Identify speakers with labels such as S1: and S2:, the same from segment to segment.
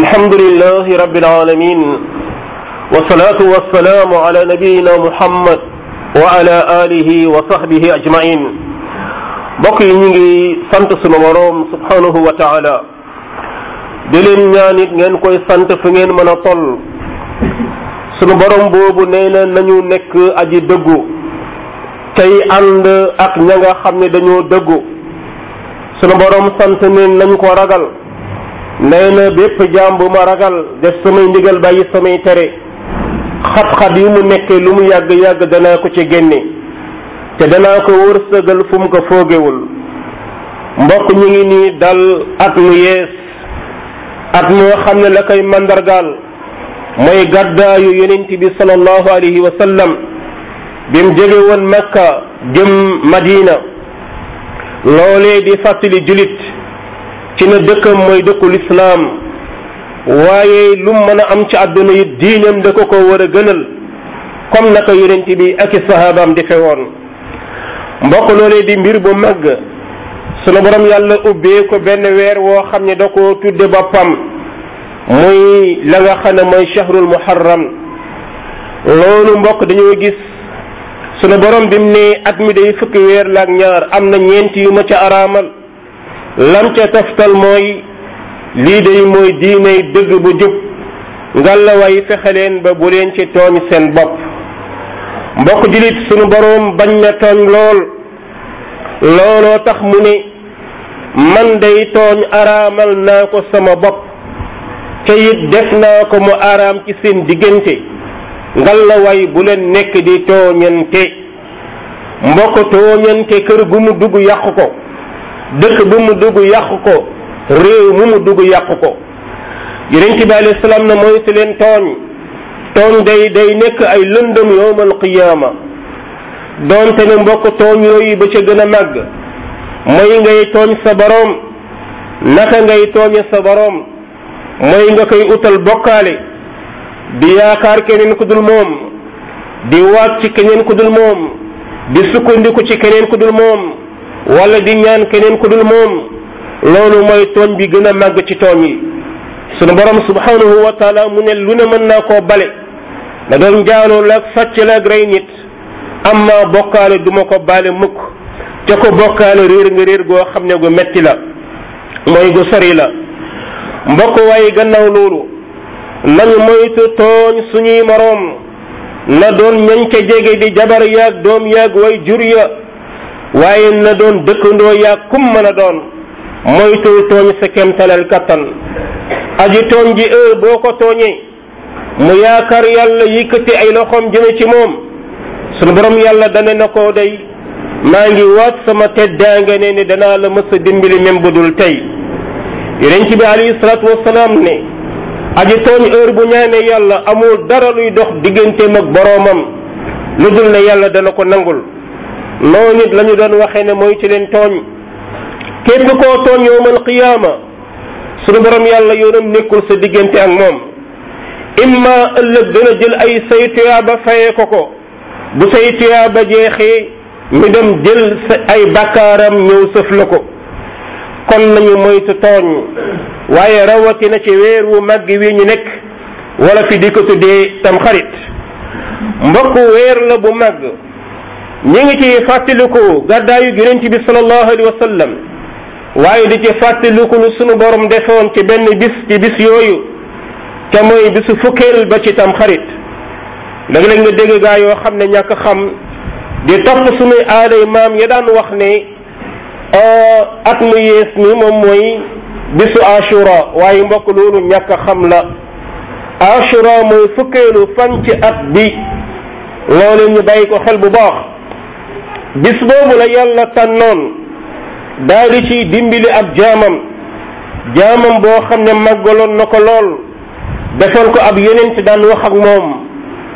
S1: alhamdulilahi rabbil alamin wasalaatu wasalaamu ala nabiyina muhammad wa ala alihi wa sahbihi ajmain mbokk yi ñu ngi sant sunu boroom subhanahu wa taala di leen ñaan it ngeen koy sant fi ngeen mën a toll sunu boroom boobu nee na nañu nekk aji dëggu tey ànd ak ña nga xam ne dañoo dëggu sunu boroom sant ne nañ ko ragal nee na bépp jaam bu ma ragal def samay ndigal bàyyi samay tere xat-xat yu mu nekkee lu mu yàgg-yàgg dana ko ci génne te danaa ko wërsëgal fu mu ko foogewul mbokk ñu ngi nii dal at mu yees at moo xam ne la koy mandargaal mooy gàddaayu yonent bi sallallahu alayhi wa sallam bi mu jege makka jëm madina loolee di fàttali julit ci ne dëkkam mooy dëkku lislaam waaye lu mën a am ci àdduna yi diinam da ko ko war a gënal comme naka yonent bi ak i sahabaam di fewoon mbokk loolee di mbir bu mag sunu borom yàlla ubbee ko benn weer woo xam ne da ko tudde boppam muy la nga xam mooy shahrul muharram loolu mbokk dañoo gis sunu borom bi mu ne at mi day fukki weer la ak am na ñeent yu ma ca araamal lam ca toftal mooy lii day mooy diiney dëgg bu jub ngàllawaay fexe leen ba bu leen ci tooñ seen bopp mbokk jullit sunu boroom bañ na tooñ lool looloo tax mu ne man day tooñ araamal naa ko sama bopp te def naa ko mu araam ci seen diggante ngàllawaay bu leen nekk di tooñante mbokk tooñante kër gu mu dugg yàq ko dëkk bu mu dugg yàq ko réew mu mu dugg yàq ko yonent bi alayhi salaam na moytu leen tooñ tooñ day day nekk ay lëndëm yowmal qiyaama doonte ne mbokk tooñ yooyu ba ca gën a màgg mooy ngay tooñ sa boroom naka ngay tooñe sa boroom mooy nga koy utal bokkaale bi yaakaar keneen ku dul moom di waat ci keneen ku dul moom di sukkandiku ci keneen ku dul moom wala di ñaan keneen ku dul moom loolu mooy tooñ bi gën a màgg ci tooñ yi sunu borom subhanahu wa taala mu ne lu ne mën naa koo bale da doon njaaloo la ak sàcc la ak rey nit amma bokkaale du ko baale mukk te ko bokkaale réer nga réer goo xam ne gu metti la mooy gu sori la mbokk waaye gannaaw loolu nañu moytu tooñ suñuy moroom na doon ñañ ca jege di jabar yaag doom yaag way jur ya waaye na doon dëkkandoo yaa kum mën a doon moytul tooñ sa kemtalal kattan aji tooñ ji ee boo ko tooñee mu yaakaar yàlla yëkkati ay loxoom jëme ci moom sunu borom yàlla dana na ko day maa ngi waat sama teddaange ne ni danaa la mës a dimbali même bu dul tey yonent bi alayhi salaatu wasalaam ne aji tooñ heure bu ñaanee yàlla amul dara luy dox digganteem ak boroomam lu dul ne yàlla dana ko nangul noonu nit lañu doon waxe ne mooy ci leen tooñ képp koo tooñ yowmal qiyaama sunu borom yàlla yoonam nekkul sa diggante ak moom imma ëllëg dina jël ay say tuyaaba fayee ko ko bu say tuyaaba jeexee ñu dem jël ay bakkaaram ñëw sëf la ko kon nañu moytu tooñ waaye rawatina ci weer wu màgg wi ñu nekk wala fi di ko tuddee tam xarit mbokk weer la bu màgg ñu ngi ci fàttaliku gàddaayu yonent bi sallallahu alayhi wa sallam waaye di ci fàttaliku lu sunu borom defoon ci benn bis ci bis yooyu te mooy bisu fukkeel ba ci tam xarit léeg-léeg gaa yoo xam ne ñàkk xam di topp sunuy aaday maam ya daan wax ne oh, at mu yees mi moom mooy bisu ashura waaye mbokk loolu ñàkk xam la ashura mooy fukkeelu fan ci at bi loolu ñu bàyyi ko xel bu baax bis boobu la yàlla tànnoon daal di ciy ab jaamam jaamam boo xam ne màggaloon na ko lool defoon ko ab yonent daan wax ak moom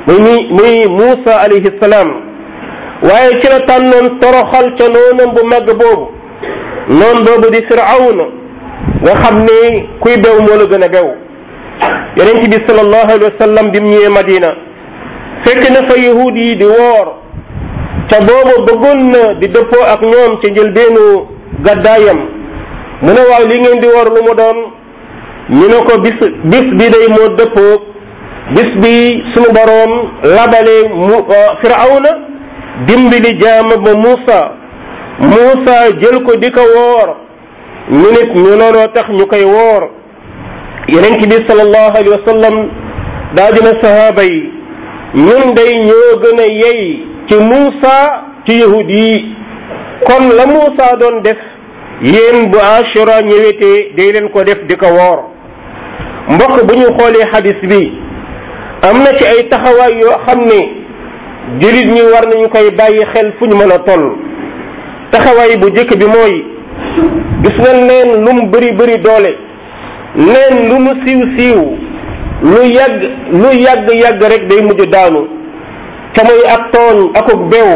S1: muy muy Muusa salaam waaye ci la tànnoon toroxal ca noonam bu màgg boobu noon boobu di firawna nga xam ne kuy bew moo la gën a bew yonent bi sallallahu alayhi wa bi Madina fekk na fa yahud di woor te boobu bëggoon na di dëppoo ak ñoom ca njëlbeenu gàddaayam mu ne waaw li ngeen di war lu mu doon ñu ne ko bis bi day moo dëppoo bis bi sunu boroom labale mu euh, firawna dimbali ba Muusa Muusa jël ko di ko woor ñu nit ñu looloo tax ñu koy woor yeneen ki bi sallallahu alayhi wa daa dina sahaaba yi ñun day ñoo gën a yey ci Muusa ci yahud yi kon la Muusa doon def yéen bu Ashura ñëwetee day leen ko def di ko woor mbokk bu ñu xoolee xadis bi am na ci ay taxawaay yoo xam ne jullit ñi war nañu koy bàyyi xel fu ñu mën a toll taxawaay bu jëkk bi mooy gis nga neen lu mu bëri doole neen lu mu siiw siiw lu yàgg lu yàgg yàgg rek day mujj daanu te muy ak tooñ akuk bew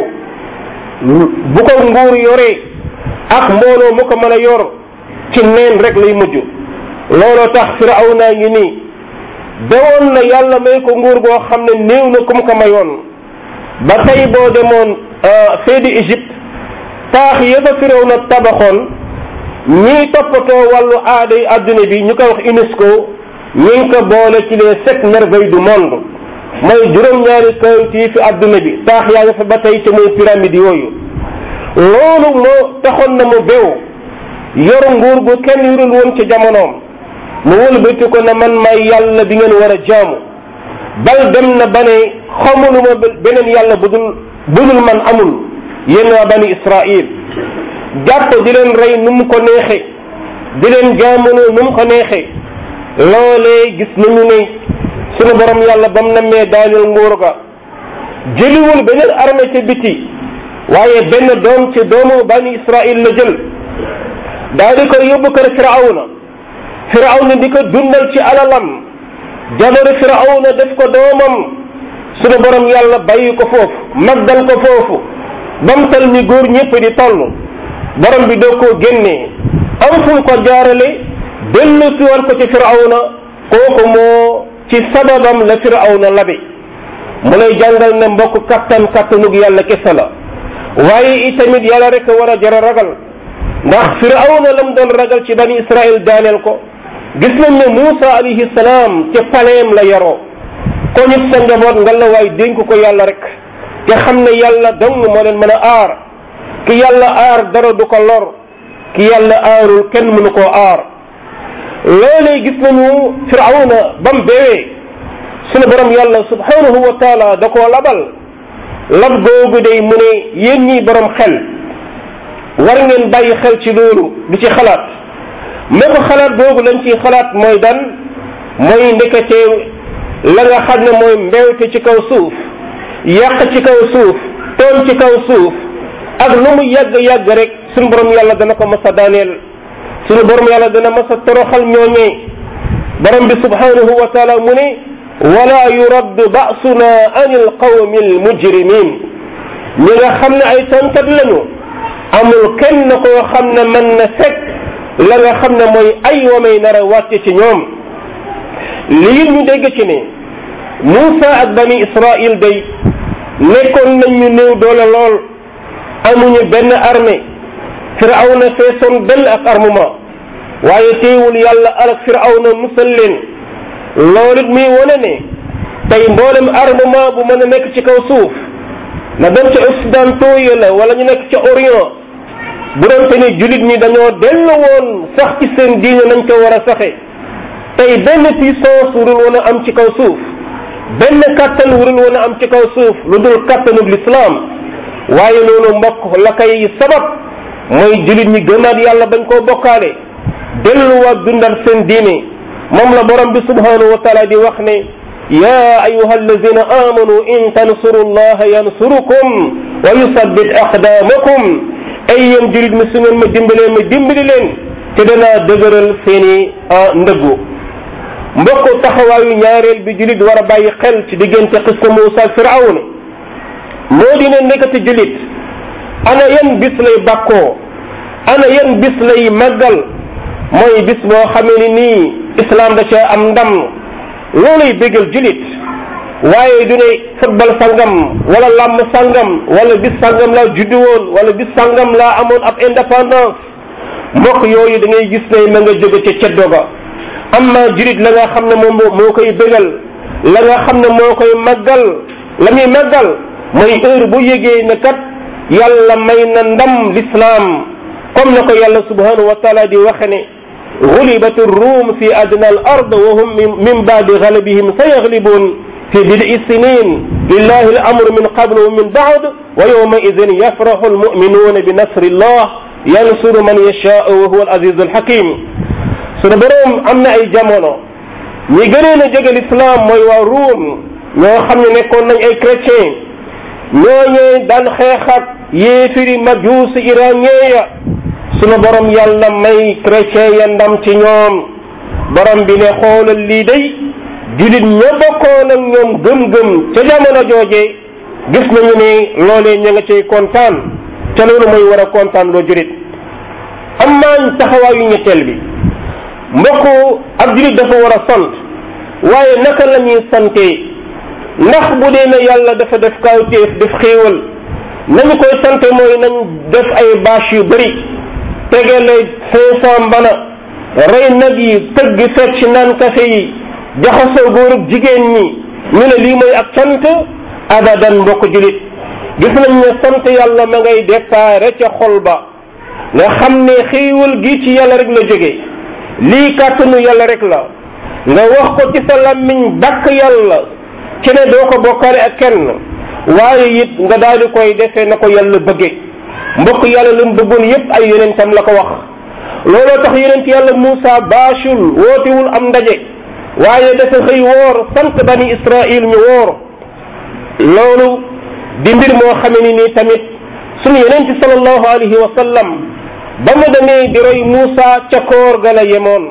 S1: bu ko nguur yore ak mbooloo mu ko mën a yor ci neen rek lay mujj looloo tax firawna ngi nii bewoon na yàlla may ko nguur goo xam ne néew na kum ko mayoon ba tey boo demoon euh, fee di Égypte taax ya fa firawna tabaxoon ñiy toppatoo wàllu aaday adduna bi ñu koy wax UNESCO ñu ngi ko boole ci les sept merveilles du monde mooy juróom-ñaari kawit yi fi adduna bi taax yaa nga fa ba tey ca mooy yooyu loolu moo taxoon na mu bew yoru nguur gu kenn yorul woon ca jamonoom mu wëlbati ko na man may yàlla bi ngeen war a jaamu bal dem na ba ne xamuluma beneen yàlla budul man amul yen waa bani Israil jàpp di leen rey nu ko neexe di leen jaamu nu ko neexe loolee gis nañu ne sunu borom yàlla ba na nammee daaneel nguur ga jëliwul beneen armée ca biti waaye benn doom ci doomu bani Israil la jël daa di koy yóbbu kër firawna firawna di ko dundal ci alalam jabaru firawna def ko doomam sunu borom yàlla bàyyi ko foofu maggal ko foofu bam tal ni ñépp di toll borom bi doo koo génnee am fu ko jaarale dellu si woon ko ci firawna kooku moo ci sababam la firawna labi mu lay jàngal ne mbokk kattan kattanug yàlla kese la waaye itamit yàlla rek war a jara ragal ndax firawna lam doon ragal ci bani israil daaneel ko gis nañ ne Muusa salaam ca paleem la yaroo ko ñëpp sa njaboot nga la waay dénk ko yàlla rek te xam ne yàlla dong moo leen mën a aar ki yàlla aar dara du ko lor ki yàlla aarul kenn mënu koo aar loolee gis nañu firawna ba mu beewee sunu borom yàlla subhanahu wa da koo labal lab googu day mu ne yéen ñii xel war ngeen bàyyi xel ci loolu di ci xalaat mais ko xalaat googu lañ ciy xalaat mooy dan mooy ndeketee la nga xam ne mooy mbewte ci kaw suuf ci kaw suuf toon ci kaw suuf ak lu mu yàgg-yàgg rek sunu borom yàlla dana ko mas a sunu borom yàlla dina mas a toroxal ñooñee borom bi subhanahu wa taala mu ne wala yurad basuna an il qawmi al mujrimin ñi nga xam ne ay tontat lañu amul kenn koo xam ne mën na la nga xam ne mooy ay wamay nar a wàcc ci ñoom lii ñu dégg ci ne Moussa ak bani Israil day nekkoon nañ ñu néew doole lool amuñu benn armée Firawna feesoon dell ak armement waaye teewul yàlla alak firawna musal leen loolu it muy wane ne tey mboolem armement bu mën a nekk ci kaw suuf na doon ca occidentaux yi la wala ñu nekk ca orion bu doon te ni jullit ñi dañoo dellu woon sax ci seen nañ ko war a saxe tey benn puissance wurul woon am ci kaw suuf benn kàttan wurul woon am ci kaw lu dul kàttanub lislaam waaye loolu mbokk la koy sabab mooy jullit ñi gënaat yàlla bañ koo bokkaale delluwaat wa seen diine moom la borom bi wa taala di wax ne ya ayuha alladina amanu in tansuru llaha yansurukum wa yusabbit aqdamakum ay yéen jurit mi su ngeen ma dimbalee ma dimbali leen te danaa dëgëral seen i ndëggu mbokk taxawaayu ñaareel bi julit war a bàyyi xel ci diggante xista Muusa ak Firawna moo dina ana yan bis lay ana yan bis lay mooy bis boo xamee ni nii islam da ca am ndam looluy bégal julit waaye du ne football sangam wala làmb sangam wala bis sangam laa juddu wala bis sangam laa amoon ab indépendance mbokk yooyu da ngay gis ne ma nga jóge ca ceddo ga am na julit la nga xam ne moom moo koy bégal la xam ne moo koy màggal la muy màggal mooy heure bu yégee ne kat yàlla may na ndam l'islam comme na ko yàlla subhanahu wa taala di waxe ne غلبت الروم في أدنى الأرض وهم من بعد غلبهم سيغلبون في بدء السنين لله الأمر من قبل ومن بعد ويومئذ يفرح المؤمنون بنصر الله ينصر من يشاء وهو العزيز الحكيم sunu boroom am na ay jamono ñi gënoon a jege lislaam mooy waa Ruum ñoo xam ne nekkoon nañ ay chrétien ñooñee daan xeexaat yéefiri majuusi iranien ya su sunu borom yàlla may chrétien ya ndam ci ñoom borom bi ne xoolal lii day jullit ña bokkoon ak ñoom gëm-gëm ca jamono jooje gis nañu ne loolee ña nga cay kontaan te loolu mooy war kontaan loo jullit am naa taxawaayu ñetteel bi mbokku ab jullit dafa war a sant waaye naka la ñuy sante ndax bu dee na yàlla dafa def kawtéef def xéewal nañu koy sante mooy nañ def ay bâche yu bari tegelay feesaam bana rey na yi tëgg fecc naan kafe yi jaxasoo góor ak jigéen ñi ñu na lii mooy ak cant abadan mbokk julit gis nañ ne sant yàlla ma ngay déparé ca xol ba nga xam ne xéewal gi ci yàlla rek la jege lii kàttanu yàlla rek la nga wax ko ci sa làmmiñ bàkk yàlla ci ne doo ko bokkaale ak kenn waaye it nga daal ko koy defee na ko yàlla bëggee mbokk yàlla lu mu bëggoon ay yonentam la ko wax looloo tax yonent yàlla Muusa baachul wootewul am ndaje waaye dafa xëy woor sant bani Israil ñu woor loolu di mbir moo xame ni tamit suñu yonent sallallahu alayhi wa sallam ba mu demee di roy Muusa ca koor ga la yemoon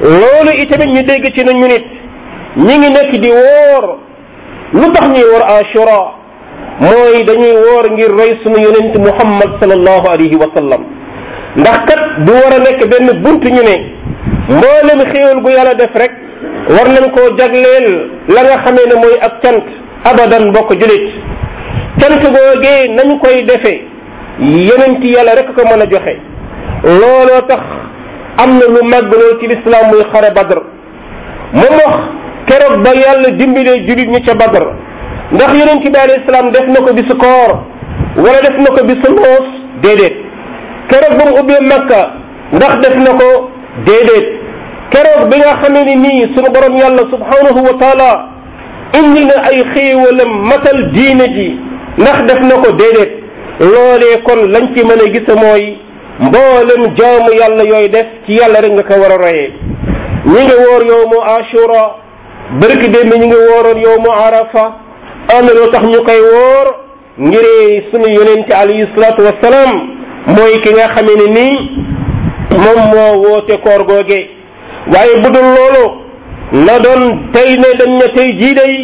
S1: loolu itamit ñu dégg ci na ñu nit ñi ngi nekk di woor lu tax ñuy woor Ashura mooy dañuy woor ngir roy sunu yonent muhammad sallallahu alayhi wa sallam ndax kat du war a nekk benn bunt ñu ne mboolem xéewal gu yàlla def rek war nañ koo jagleel la nga xamee ne mooy ak cant abadan ko julit cant googee nañu koy defee yonent yàlla rek ko mën a joxe looloo tax am na lu màgg lool ci lislaam muy xare badr moom wax keroog ba yàlla dimbalee julit ñi ca badr ndax yi yonent bi alayhi salaam def na ko bisu koor wala def na ko bisu noos déedéet keroog makka ndax def na ko déedéet bi nga xamee ni nii sunu borom yàlla subhanahu wa taala indi na ay xéewalam matal diine ji ndax def na ko déedéet loolee kon lañ ci mën a gis mooy mboolem jaamu yàlla yooyu def ci yàlla rek nga ko war a royee ñi ngi woor yow mu ashura bërki dem ñu ngi wooroon yow mu arafa am na loo tax ñu koy wóor ngir sunu yonente alayhi salaatu wassalaam mooy ki nga xamee ne nii moom moo woote koor googe waaye bu dul loolu na doon tey ne dañ ne tey jii day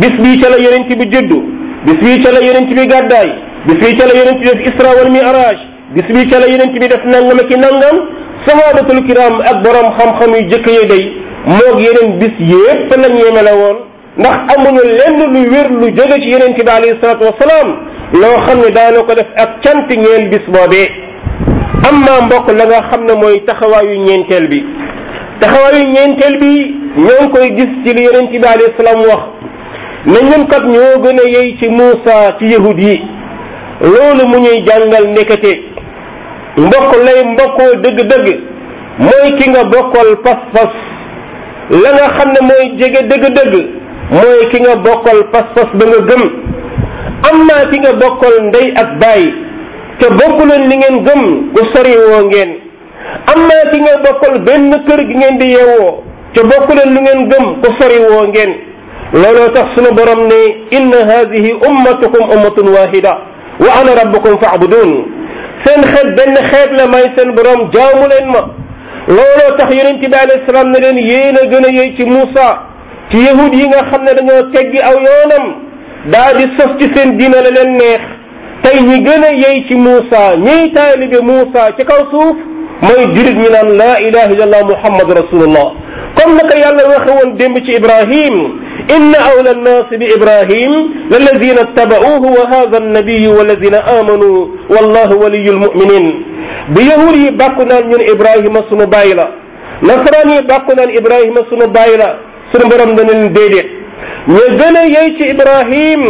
S1: bis bii ca la yonente bi juddu bis bii ca la yonente bi gàddaay bis ca la yonente bi def isra wal mi'raj bis def nangam ak i nangam sahabatul kiram ak borom xam-xam yu jëkk yi day moog yeneen bis yépp lañ yemele woon ndax amuñu lenn lu wér lu jóge ci yeneen bi alayhi salatu wasalaam loo xam ne daana ko def ak cant ñeel bis boobee amma mbokk la nga xam ne mooy taxawaayu ñeenteel bi taxawaayu ñeenteel bi ñoo ngi koy gis ci li yonente bi alayhi salaam wax ne ñun kat ñoo gën a yey ci Muusa ci yahud yi loolu mu ñuy jàngal nekkate mbokk lay mbokkoo dëgg-dëgg mooy ki nga bokkal pas-pas la nga xam ne mooy jege dëgg-dëgg mooy ki nga bokkal pas-pas ba nga gëm am naa ki nga bokkal ndey ak baay te bokku leen li ngeen gëm ku sori woo ngeen am naa ki nga bokkal benn kër gi ngeen di yeewoo te bokku leen lu ngeen gëm ku sori woo ngeen looloo tax sunu borom ne inna hadihi ummatukum ummatun wahida wa ana rabbukum faabudun seen xet benn xeet la may seen borom jaamu leen ma looloo tax yonente bi alayhi salaam ne leen yéen a gën a yey ci Muusa ci yahud yi nga xam ne dañoo teggi aw yoonam daa di sëf ci seen diina la leen neex tey ñi gën a yey ci Muusa ñiy taalibe Muusa ci kaw suuf mooy jurit ñi naan laa ilaha illallah muhammadu rasulullah comme naka yàlla waxe woon démb ci ibrahim inna awla annaasi bi ibrahim lalladina tabauhu wa hadha annabiyu walladina amanu wallahu waliyu lmuminin bi yahud yi bàkku naan ñun ibrahima sunu bàyyi la nasaraan yi bàkku naan ibrahima sunu bàyyi la sunu borom dana leen déedéet ña gën a yey ci Ibrahim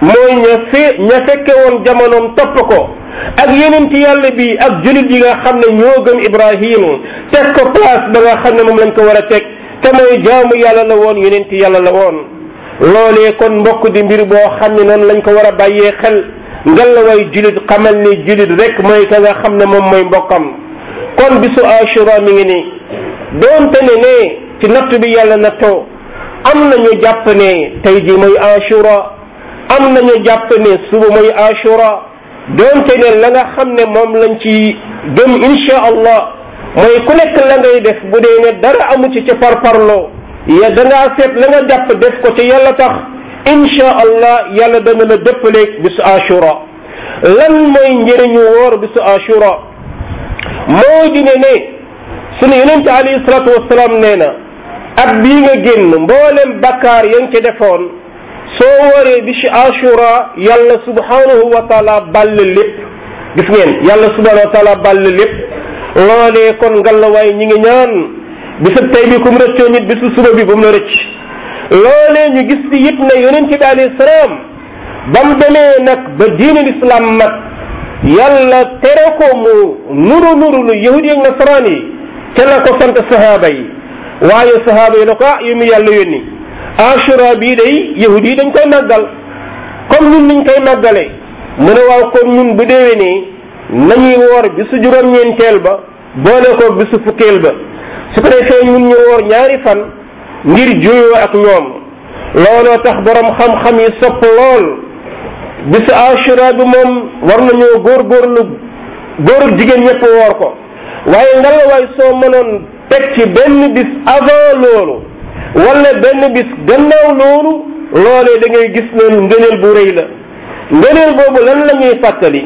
S1: mooy ña fe ña woon jamonoom topp ko ak yeneen ci yàlla bi ak jullit yi nga xam ne ñoo gëm Ibrahim teg ko place ba nga xam ne moom lañ ko war a teg te mooy jaamu yàlla la woon yeneen ci yàlla la woon. loole kon mbokk di mbir boo xam ne noonu lañ ko war a bàyyee xel ngallaway jullit xamal ni jullit rek mooy ka nga xam ne moom mooy mbokkam kon bisu Ashura mi ngi ni doonte ci natt bi yàlla nattoo am nañu jàpp ne tey ji mooy ashura am nañu jàpp ne suba mooy ashura doonte ne la nga xam ne moom lañ ci gëm insha allah mooy ku nekk la ngay def bu dee ne dara amu ci ci parparloo ya da ngaa seet la nga jàpp def ko ci yàlla tax insha allah yàlla dana la dëppaleeg bisu ashura lan mooy njëriñu woor bisu ashura moo di ne ne sunu yonente alayhi na at bii nga génn mboolem bakkaar ya nga ca defoon soo waree bi ci ashura yàlla subhanahu wa taala ball lépp gis ngeen yàlla subhanahu wa taala ball lépp loolee kon ngalawaay ñi ngi ñaan bisub tey bi ku mu rëccoo nit suba bi bu la rëcc loolee ñu gis ci it ne yonent bi alayhi salaam ba mu demee nag ba diine lislaam nag yàlla tere ko mu nuru nuru lu yahudi ak nasaraan te la ko sant sahaaba waaye sahaaba yi na ko ah yu mu yàlla yónni ashura bii day yahud yi dañ koy màggal comme ñun niñ koy màggalee mu ne waaw comme ñun bu déwénee nañuy woor bisu juróom-ñeenteel ba boole ko bisu fukkeel ba su ko defee ñun ñu woor ñaari fan ngir juyoo ak ñoom looloo tax borom xam-xam yi sopp lool bisu ashura bi moom war nañoo góorgóorlu góor ak jigéen ñëpp woor ko waaye ngelawaay soo mënoon teg benn bis avant loolu wala benn bis gannaaw loolu loolee da ngay gis ne ngëneel bu rëy la ngëneel boobu lan la ñuy fàttali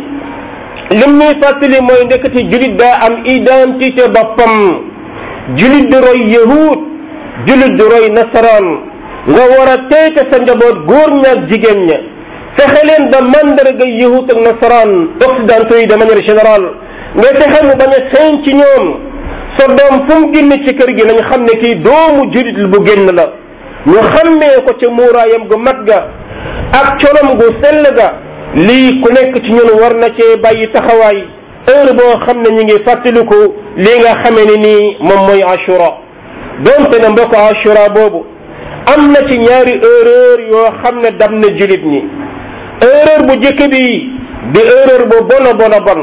S1: lim ñuy fàttali mooy ndekati julit daa am identité boppam julit di roy yahud julit di roy nasaraan nga war a teyte sa njaboot góor ñaak jigéen ña fexe leen ba mandarga yahud ak nasaraan occidentaux yi de manière générale nga fexe mu bañ a feeñ ci ñoom sa doom fu mu génne ci kër gi nañ xam ne kii doomu julit bu génn la ñu xammee ko ca muuraayam gu mag ga ak colom gu sell ga lii ku nekk ci ñun war na cee bàyyi taxawaay heure boo xam ne ñu ngi ko lii nga xamee ne nii moom mooy ashura donte ne mbokk ashura boobu am na ci ñaari erreur yoo xam ne dam na julit ñi erreur bu jëkk bi di erreur bu bona bona bon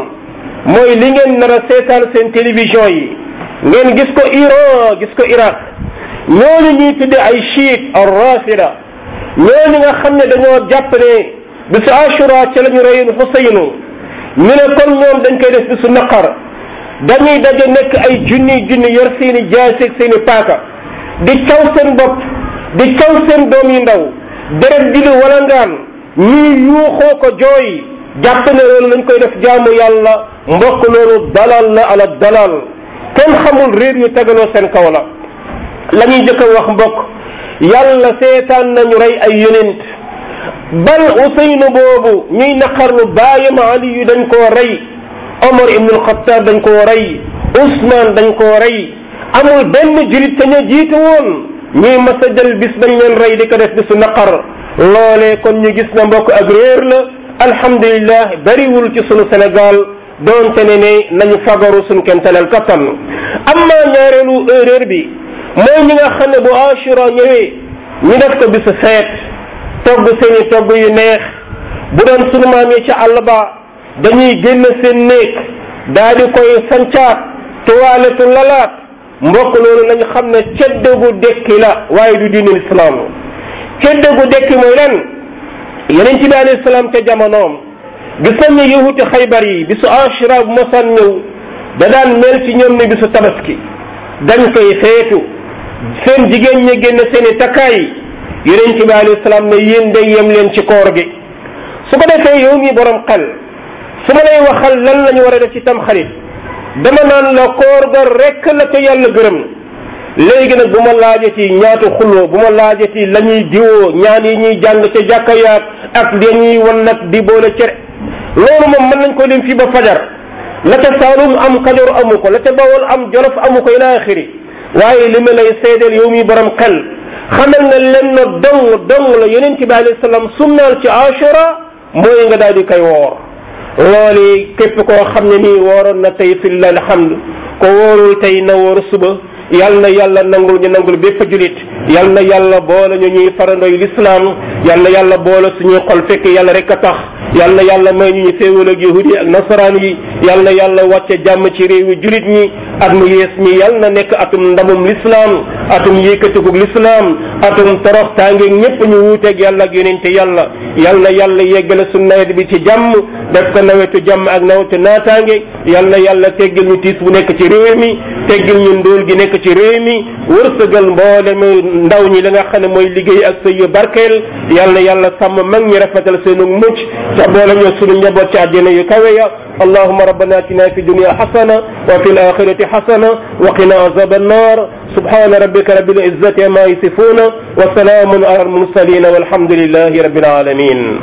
S1: mooy li ngeen nar a seetaan seen télévision yi ngeen gis ko Iran gis ko Irak ñooñu ñuy tudde ay chiite ar rafida ñooñu nga xam ne dañoo jàpp ne bisu Ashura ci la ñu reyoon Xuseynu ñu ne kon ñoom dañ koy def bisu naqar dañu daje nekk ay junni junni yor seen i jaasi ak seen i paaka di caw seen bopp di caw seen doom yi ndaw deret di di walangaan ñuy yuuxoo ko jooy jàpp ne loolu lañ koy def dalal la ala dalal kenn xamul réer yu tegaloo seen kaw la la ñuy a wax mbokk yàlla seetaan nañu rey ay yonent bal Useynu boobu ñuy naqar baayam Ali yu dañ koo rey Omar ibn dañ koo rey dañ koo rey amul benn julit te ña jiitu woon ñuy mas a jël bis leen rey di ko def bisu naqar loolee kon ñu gis na mbokk ak réer la alhamdulilah bariwul ci sunu Sénégal doonte ne ne nañu fagaru suñ kentalal kattan amma ñaareelu erreur bi mooy ñi nga xam ne bu Ashura ñëwee ñu def ko bisu feet togg seeni togg yu neex bu doon sunu maam ca àll ba dañuy génn seen ko daal di koy sancaat tuwaaletu lalaat mbokk loolu nañu xam ne cedde gu dekki la waaye du diine lislaam cedde gu dekki mooy lan yeneen ci bi alayhi salaam ca jamonoom gis nañ ne yahuti xaybar yi bisu ashura bu mosaan ñëw da daan mel ci ñoom ne bisu tabaski dañ koy xeetu seen jigéen ñi génn seen i takkaay yonent bi alayhi salaam ne yéen day yem leen ci koor gi su ko defee yow mi borom xel su ma lay waxal lan la ñu war a def ci tamxarit dama naan la koor ga rek la ko yàlla gërëm léegi nag bu ma laajati ñaatu xuloo gu ma laajati la ñuy diwoo ñaan yi ñuy jàng ca jàkka yaag ak dañuy wan nag di boole cere loolu moom mën nañ ko lim fii ba fajar la ca saalum am kajoor amu ko la ca bawol am jolof amu ko ila axiri waaye li ma lay seedeel yow mi borom xel xamal ne lenn dong dong la yonent bi alayhi salaam sunnaal ci ashura mooy nga daal di koy woor loolu képp koo xam ne nii wooroon na tey fi lal hamd ko wóorul tey na wóor suba yal na yàlla nangul ñu nangul bépp julit yal na yàlla boole ñu ñuy farandoy lislaam yal na yàlla su suñuy xol fekk yàlla rek a tax yal na yàlla may ñu ñu féewal ak yahud yi ak nasaraan yi yal na yàlla wàcce jàmm ci réewi julit ñi at mu yées mi yal na nekk atum ndamum lislaam atum yëkkatikug lislaam atum torox tàngeeg ñépp ñu wuuteeg yàlla ak yonente yàlla yal na yàlla yeggale suñu nawet bi ci jàmm def ko nawetu jàmm ak nawetu naataange yal na yàlla teggil ñu tiis bu nekk ci réew mi teggil ñu ndóol gi nekk ci réew mi wërsëgal mboolem ndaw ñi li nga xam ne mooy liggéey ak sëy yu barkeel yal na yàlla sàmm mag ñi rafetal seenu mucc ca boole ñoo suñu njaboot ci àjjana yu kawe حسنة وقنا عذاب النار سبحان ربك رب العزة ما يصفون وسلام على المرسلين والحمد لله رب العالمين